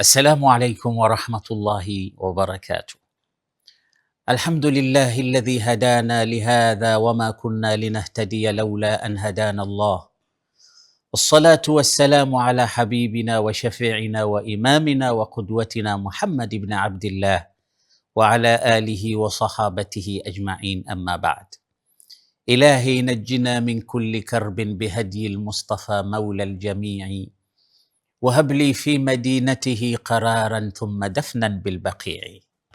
السلام عليكم ورحمه الله وبركاته الحمد لله الذي هدانا لهذا وما كنا لنهتدي لولا ان هدانا الله والصلاه والسلام على حبيبنا وشفيعنا وامامنا وقدوتنا محمد بن عبد الله وعلى اله وصحابته اجمعين اما بعد الهي نجنا من كل كرب بهدي المصطفى مولى الجميع وهب لي في مدينته قرارا ثم دفنا بالبقيع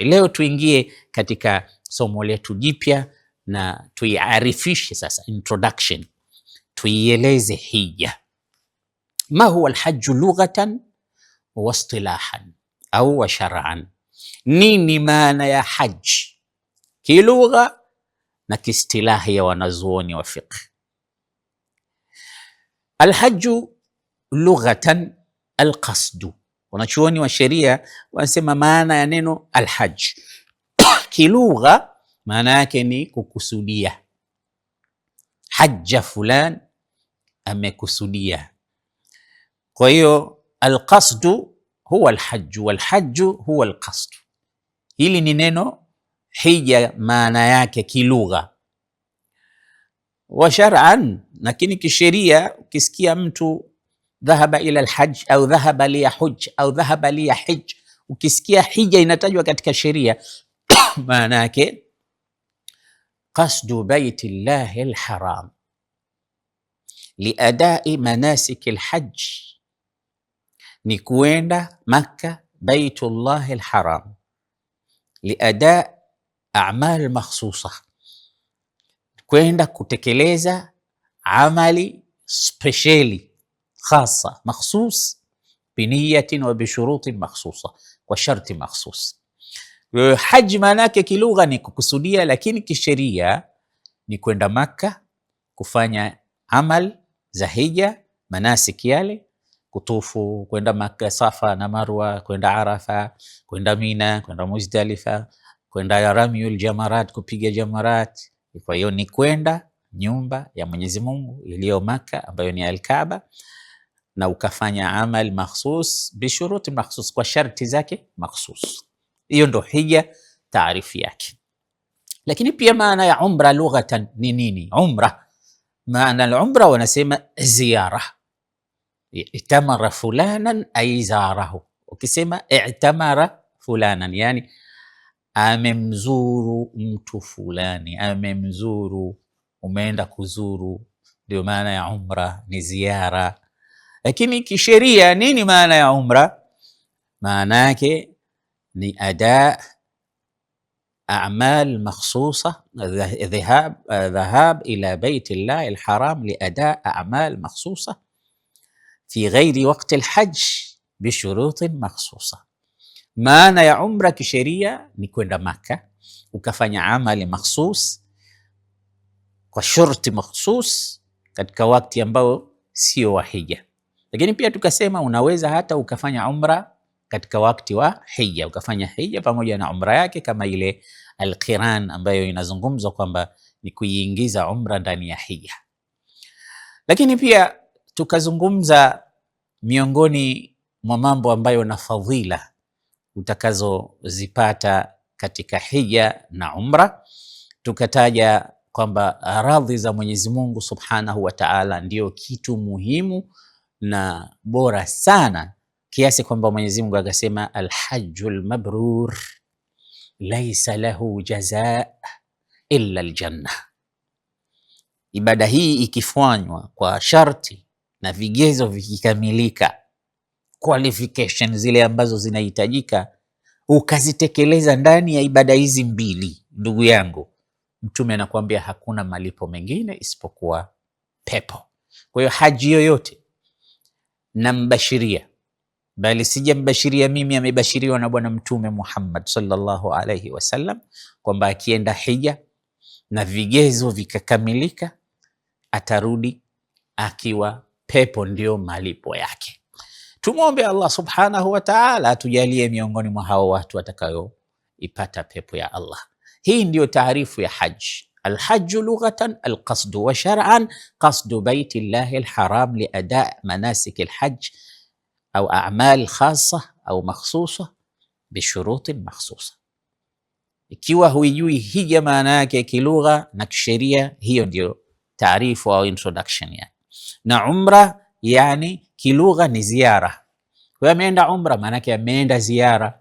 Leo tuingie katika somo letu jipya na tuiarifishe sasa, introduction, tuieleze hija. Ma huwa alhaju lughatan wa istilahan au wa shar'an, nini maana ya haji kilugha na kistilahi ya wanazuoni wa fiqh. Alhaju lughatan alqasdu. Wanachuoni wa sheria wanasema maana ya neno alhaj kilugha, maana yake ni kukusudia. Hajja fulan, amekusudia. Kwa hiyo alqasdu huwa alhaju walhaju huwa alqasdu. Hili ni neno hija, maana yake kilugha wa shar'an, lakini kisheria ukisikia mtu ذهب إلى الحج أو ذهب ليحج أو ذهب ليحج وكسكيا حجة نتجوك كشرية ما ناكل قصد بيت الله الحرام لأداء مناسك الحج نكوين مكة بيت الله الحرام لأداء أعمال مخصوصة كوين كتكليزا عملي سبيشيلي khasa makhsus biniyatin wa bishurutin makhsusa, kwa sharti makhsus. Haji maana yake kilugha ni kukusudia, lakini kisheria ni kwenda Makka kufanya amal za hija, manasik yale kutufu kwenda Maka, Safa na Marwa, kwenda Arafa, kwenda Mina, kwenda Muzdalifa, kwenda Ramyul Jamarat, kupiga jamarat. Kwa hiyo ni kwenda nyumba ya Mwenyezi Mungu iliyo Maka, ambayo ni alkaba na ukafanya amal makhsus bishuruti makhsus, kwa sharti zake makhsus. Hiyo ndo hija taarifu yake. Lakini pia maana ya umra lughatan ni nini? Umra maana ya umra wanasema ziara, itamara fulanan ay zarahu. Ukisema itamara fulanan, yani amemzuru mtu fulani, amemzuru, umeenda kuzuru. Ndio maana ya umra ni ziara Lakini kisheria nini maana ya umra? Maana yake ni ada amal makhsusa dhahab dhahab ila baiti llahi alharam liada amal makhsusa fi ghairi waqti alhajj bishurutin makhsusa. Maana ya umra kisheria ni kwenda Maka ukafanya amali makhsus kwa shurti makhsus katika wakati ambao sio wahija. Lakini pia tukasema unaweza hata ukafanya umra katika wakati wa hija, ukafanya hija pamoja na umra yake, kama ile alqiran ambayo inazungumzwa kwamba ni kuiingiza umra ndani ya hija. Lakini pia tukazungumza miongoni mwa mambo ambayo na fadhila utakazozipata katika hija na umra, tukataja kwamba radhi za Mwenyezi Mungu Subhanahu wa Ta'ala ndio kitu muhimu na bora sana kiasi kwamba Mwenyezi Mungu akasema, alhajjul mabrur laisa lahu jazaa illa aljanna. Ibada hii ikifanywa kwa sharti na vigezo vikikamilika, qualification zile ambazo zinahitajika, ukazitekeleza ndani ya ibada hizi mbili, ndugu yangu, Mtume anakuambia hakuna malipo mengine isipokuwa pepo. Kwa hiyo haji yoyote nambashiria, bali sijambashiria mimi, amebashiriwa na Bwana Mtume Muhammad sallallahu alaihi wasallam kwamba akienda hija na vigezo vikakamilika, atarudi akiwa pepo, ndio malipo yake. Tumwombe Allah subhanahu wa ta'ala atujalie miongoni mwa hao watu watakayoipata pepo ya Allah. Hii ndiyo taarifu ya haji. الحج لغة القصد وشرعا قصد بيت الله الحرام لأداء مناسك الحج أو أعمال خاصة أو مخصوصة بشروط مخصوصة. Ikiwa huijui hija maana yake kilugha na kisheria, hiyo ndio taarifu au introduction yake. Na umra yani kilugha ni ziara. Kwa hiyo ameenda umra, maanake ameenda ziara,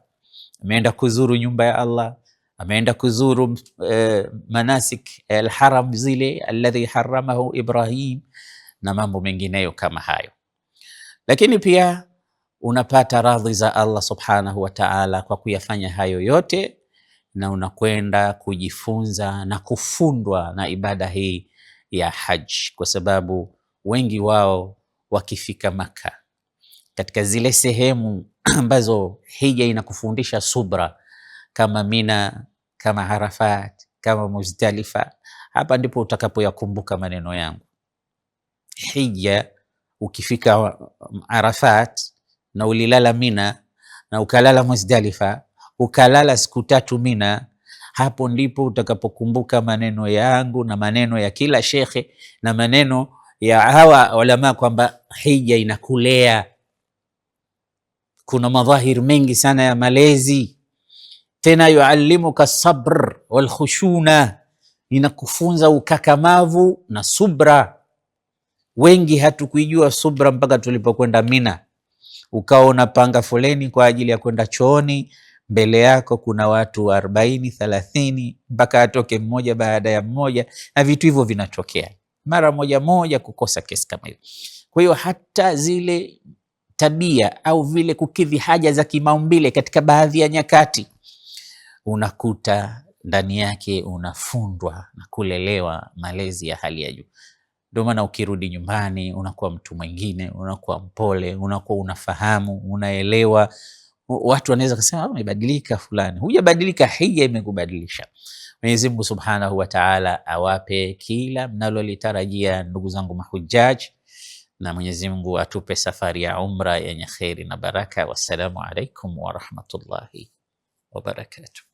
ameenda kuzuru nyumba ya Allah ameenda kuzuru eh, manasik alharam zile alladhi haramahu Ibrahim na mambo mengineyo kama hayo, lakini pia unapata radhi za Allah subhanahu wa ta'ala kwa kuyafanya hayo yote, na unakwenda kujifunza na kufundwa na ibada hii ya haji, kwa sababu wengi wao wakifika Maka katika zile sehemu ambazo hija inakufundisha subra kama Mina, kama Arafat, kama Muzdalifa. Hapa ndipo utakapoyakumbuka maneno yangu. Hija ukifika Arafat na ulilala Mina na ukalala Muzdalifa ukalala siku tatu Mina, hapo ndipo utakapokumbuka maneno yangu na maneno ya kila shekhe na maneno ya hawa ulama kwamba hija inakulea. Kuna madhahiri mengi sana ya malezi tena yuallimuka sabr wal khushuna, inakufunza ukakamavu na subra. Wengi hatukuijua subra mpaka tulipokwenda Mina, ukawa unapanga foleni kwa ajili ya kwenda chooni, mbele yako kuna watu arobaini thalathini, mpaka atoke mmoja baada ya mmoja, na vitu hivyo vinatokea mara moja moja, kukosa kesi kama hiyo. Kwa hiyo hata zile tabia au vile kukidhi haja za kimaumbile katika baadhi ya nyakati unakuta ndani yake unafundwa na kulelewa malezi ya hali ya juu. Ndio maana ukirudi nyumbani unakuwa mtu mwingine, unakuwa mpole, unakuwa unafahamu, unaelewa. Watu wanaweza kusema ah, umebadilika fulani. Hujabadilika, hija imekubadilisha. Mwenyezi Mungu Subhanahu wa Ta'ala awape kila mnalolitarajia ndugu zangu mahujaji, na Mwenyezi Mungu atupe safari ya umra yenye kheri na baraka. Wassalamu alaikum wa rahmatullahi wa barakatuh.